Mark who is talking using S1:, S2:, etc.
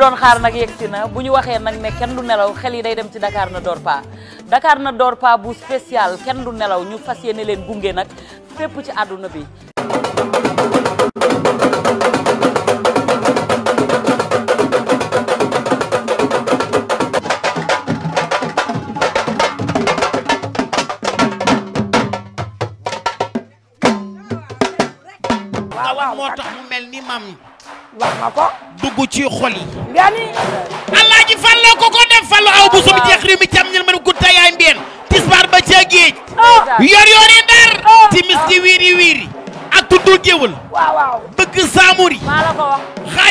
S1: doon xaar nag yegg na bu ñu waxee nag ne kenn du nelaw xel yi day dem ci dakaar na door pa Dakar na door pa bu spécial kenn du nelaw ñu fas yéene leen gunge nag fépp ci àdduna bi.
S2: moo tax mu mel ni maam wax nga ko. dugg ci xol yi. mbiyani. alaaji fàlloo ko ko def fàllu aw bu sum jeex réew mi cam ñil man gudda yaay mbeen tisbaar ba ca géej. Ah. yor yor yi ndar. Ah. timis di wiiri wiiri. ak tuddul jéewal. waaw waaw bëgg